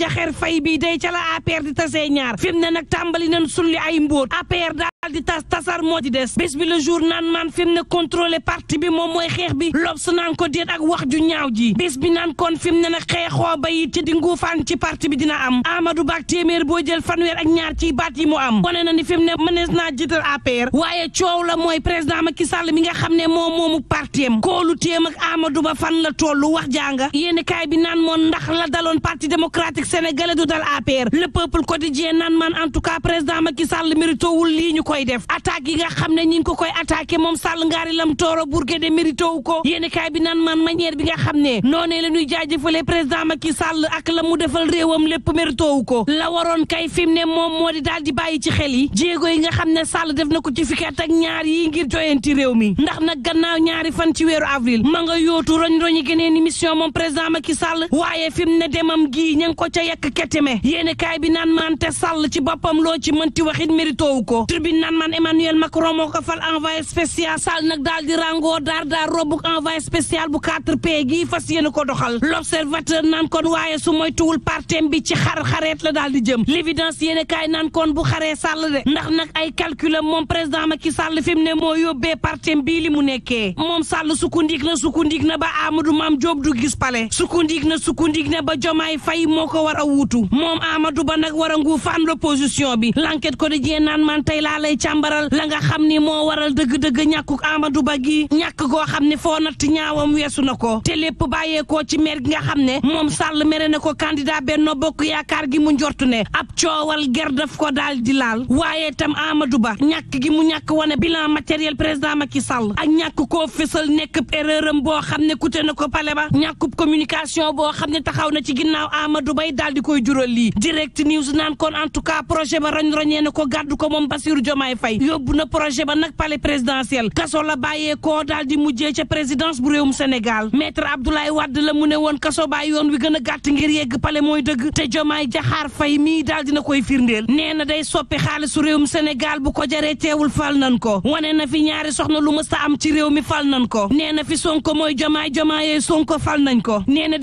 jaxeer fay bi day ca la APR di tasee ñaar fi mu ne nag tàmbali nañ sulli ay mbóot APR daal di tas tasar moo ci des bés bi le jour naan man fi mu ne contrôlé parti bi moom mooy xeex bi lobs naan ko déet ak wax ju ñaaw ji bés bi naan kon fi mu ne nag xeexoo ba it ci di nguufaan ci parti bi dina am Amadou Ba ak téeméer boo jël fanweer ak ñaar ci baat yi mo am wane na ni fi mu ne mënees naa jiital APR waaye coow la mooy président Macky Sall mi nga xam ne moom moomu partiam koolu téem ak Amadou Ba fan la tollu wax jànga yéeni bi naan moon ndax la daloon parti démocratique sénégalais du dal APR le peuple quotidien naan en tout cas président Macky Sall mérito koy def attaque yi nga xam ne ñi ngi ko koy attaqué moom Sall ngaari lam tooro burge de mérité wu ko yéen kaay bi naan man manière bi nga xam ne noonee la ñuy jaajëfale président Macky Sall ak la mu defal réewam lépp mérité wu ko la waroon kay fi mu ne moom moo di daal di bàyyi ci xel yi jéego yi nga xam ne Sall def na ko ci fukki at ak ñaar yi ngir joyanti réew mi ndax nag gannaaw ñaari fan ci weeru avril ma nga yootu roñ roñi geneen mission moom président Macky Sall waaye fi mu ne demam gii ña ngi ko ca yekk keteme yéen kaay bi naan man te Sall ci boppam ci mënti waxit mérité wu ko naan man Emmanuel Macron moo ko fal envoyé spécial Sall nag daal di rango daar daar robu envoyé spécial bu 4P gii fas yéene ko doxal l'observateur naan kon waaye su moytuwul partem bi ci xar xareet la daal di jëm l'évidence yéene kaay naan kon bu xaree Sall de ndax nag ay calculam moom président Macky Sall fi mu ne moo yóbbee partem bii li mu nekkee moom Sall sukkandik na sukkandik na ba Amadou Mame Diop du gis pale sukkandik na sukkandik na ba Jomaay fay moo ko war a wuutu moom Amadou Ba nag a lay càmbaral xam ni moo waral dëgg-dëgg ñàkkuk Amadou Ba gi ñàkk koo xam ne foo natt ñaawam weesu na ko te lépp bàyyeekoo ci maire gi nga xam ne moom Sall mere na ko candidat Benno Bokk Yaakaar gi mu njortu ne ab coowal ger daf ko daal di laal waaye tam Amadou Ba ñàkk gi mu ñàkk wane bilan matériel président Macky Sall ak ñàkk ko fësal nekkub erreur am boo xam ne kute na ko pale ba ñàkkub communication boo xam ne taxaw na ci ginnaaw Amadou Bay daal di koy jural lii direct news naan kon en tout cas projet ba rañ Diomaye Faye yóbbu na projet ba nag palais présidentiel kaso la bàyyee koo daal di mujjee ca présidence bu réewum Sénégal maître Abdoulaye Wade la mu ne woon kaso bàyyi yoon wi gën a gàtt ngir yegg palais mooy dëgg te Diomaye Diakhar Faye mii daal na koy firndeel nee na day soppi xaalisu réewum Sénégal bu ko jaree teewul fal nan ko wane na fi ñaari soxna lu mësta am ci réew mi fal nan ko nee na fi Sonko mooy Diomaye Diomaye Sonko fal nañ na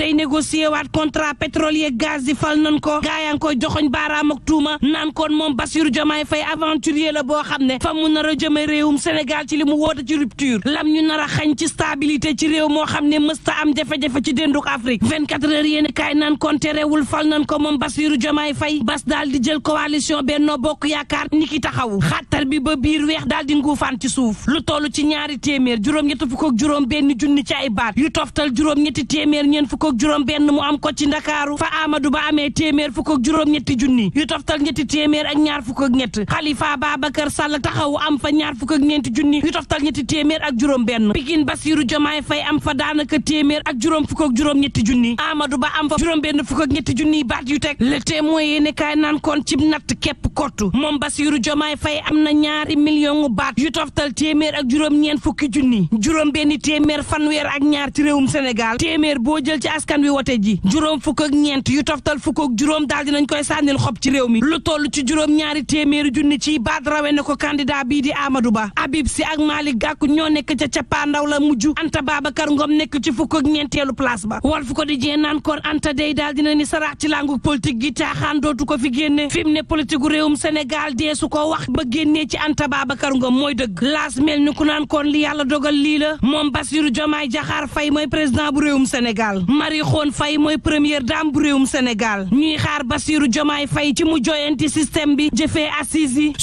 di fal nan ko gaayaa ngi koy joxoñ baaraam ak tuuma naan koon moom Bassirou Diomaye Faye aventurier la boo xam ne fa mu nar a jëme réewum senegal ci li mu woote ci rupture lam ñu nar xañ ci stabilité ci réew moo xam ne mësta am jafe-jafe ci dénduk Afrique 24 heures yéen kaay naan konterewul fal nan ko moom Bassirou Diomaye fay bas daal di jël coalition Benno Bokk Yaakaar ni ki taxaw xattar bi ba biir weex daal di nguufaan ci suuf lu toll ci ñaari téeméer juróom-ñetti fukk juróom benn junni ci ay baat yu toftal juróom-ñetti téeméer ñeen fukk juróom benn mu am ko ci Ndakaaru fa amadu Ba amee téeméer fukk ak juróom-ñetti junni yu ñetti téeméer ak ñaar fukk ñett Khalifa Babacar Sall taxaw am fa ñaar fukk ak ñeenti junni yu toftal ñetti téeméer ak juróom benn Pikine Bassirou Diomaye Faye am fa daanaka téeméer ak juróom fukk ak juróom ñetti junni Amadou Ba am fa juróom benn fukk ak ñetti junni baat yu teg le témoin yéene kaay naan kon cib natt képp kottu am na ñaari million baat yu toftal téeméer ak juróom ñeent fukki junni juróom benn téeméer fanweer ak ñaar ci réewum Sénégal téeméer boo jël ci askan wi wote ji juróom fukk ak ñeent yu toftal fukk ak juróom daal dinañ koy sànnil xob ci réew mi lu toll ci juróom ñaari téeméeri junni ci baat taxawee ne ko candidat bii di Amadou Ba Habib Sy ak Malick Gakou ñoo nekk ca cappaandaw la mujj Anta Babacar Ngom nekk ci fukk ak ñeenteelu place ba Walf Quotidien naan ko Anta day daal dina ni saraax ci langu politique gi caaxaan dootu ko fi génne fi mu ne politique gu réewum Sénégal dee su ko wax ba génnee ci Anta Babacar Ngom mooy dëgg laas mel ni ku naan kon li yàlla dogal lii la moom Bassirou Diomaye Diakhar Faye mooy président bu réewum senegal Marie Khone fay mooy première dame bu réewum Sénégal ñuy xaar Bassirou Diomaye Faye ci mu joyanti système bi jëfee assise yi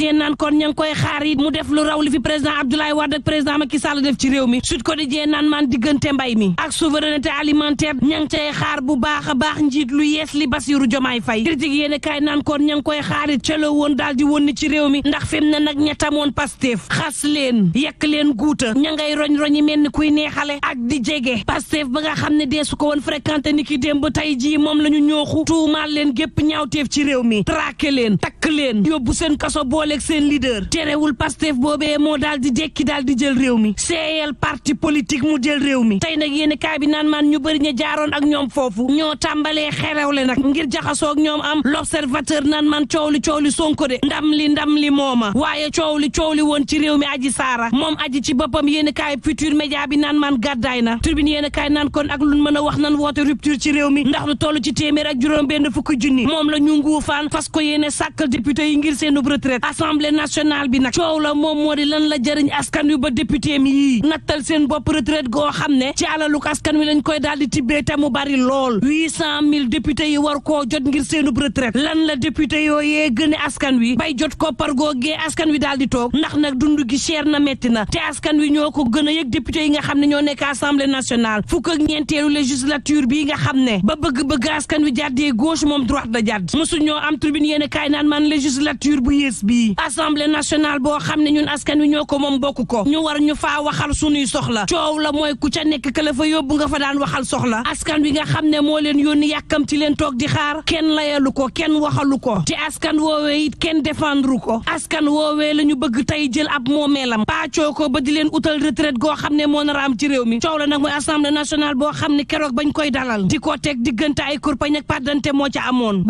Quotidien naan kon ña koy xaar mu def lu raw li fi président Abdoulaye Wade ak président Macky def ci réew mi Sud Quotidien naan maan diggante mbay ak souveraineté alimentaire ña cay xaar bu baax a baax njiit lu yees li Bassirou Diomaye Faye critique yéen kaay naan kon ña koy xaarit ca woon daal di woon ni ci réew mi ndax fi mu ne nag ñettamoon Pastef xas leen yekk leen guuta ña ngay roñ-roñi mel ni kuy neexale ak di jege Pastef ba nga xam ne dee su ko woon fréquenté ni ki démb tey jii moom la ñu ñooxu tuumaal leen gépp ñaawteef ci réew mi leen takk leen yóbbu seen kaso boole booleeg seen leader terewul pastef boobe moo daal di jekki daal di jël réew mi seeyal parti politique mu jël réew mi tey nag yéen kaay bi naan maan ñu bëri ña jaaroon ak ñoom foofu ñoo tàmbalee xerewle nag ngir jaxasoog ñoom am l'observateur naan man coow li coow li sonko de ndam li ndam li mooma waaye coow li coow li woon ci réew mi aji saara moom aji ci boppam yéen kaay futur média bi naan man gàddaay na tribune yéen kaay naan kon ak luñ mën a wax nan woote ci réew mi ndax lu toll ci téeméer benn fukki moom la ñu nguufaan fas ko yéene sàkkal député assemblée nationale bi nag coow la moom moo di lan la jëriñ askan wi ba député mi nattal seen bopp retraite goo xam ne ci àlaluk askan wi lañ koy daal di tibbee te mu bari lool huit cent mille député yi war koo jot ngir seenub retraite lan la député yooyee gën a askan wi bay jot koppar googee askan wi daal di toog ndax nag dund gi cher na metti na te askan wi ñoo ko gën a yëg député yi nga xam ne ñoo nekk assemblée nationale fukk ak ñeenteelu législature bi nga xam ne ba bëgg-bëgg askan wi jàddee gauche moom droite da jàdd mosu bu yées bii assemblée nationale boo xam ne ñun askan wi ñoo ko moom bokk ko ñu war ñu faa waxal sunuy soxla coow la mooy ku ca nekk ka la yóbbu nga fa daan waxal soxla askan wi nga xam ne moo leen yónni yàkkam ci leen toog di xaar kenn layalu ko kenn waxalu ko te askan woowee it kenn défendre ko askan woowe la ñu bëgg tey jël ab moomeelam paacoo ko ba di leen utal retraite goo xam ne moo nar am ci réew mi coow la nag mooy assemblée nationale boo xam ne keroog bañ koy dalal di ko teg diggante ay kurpañ moo ca amoon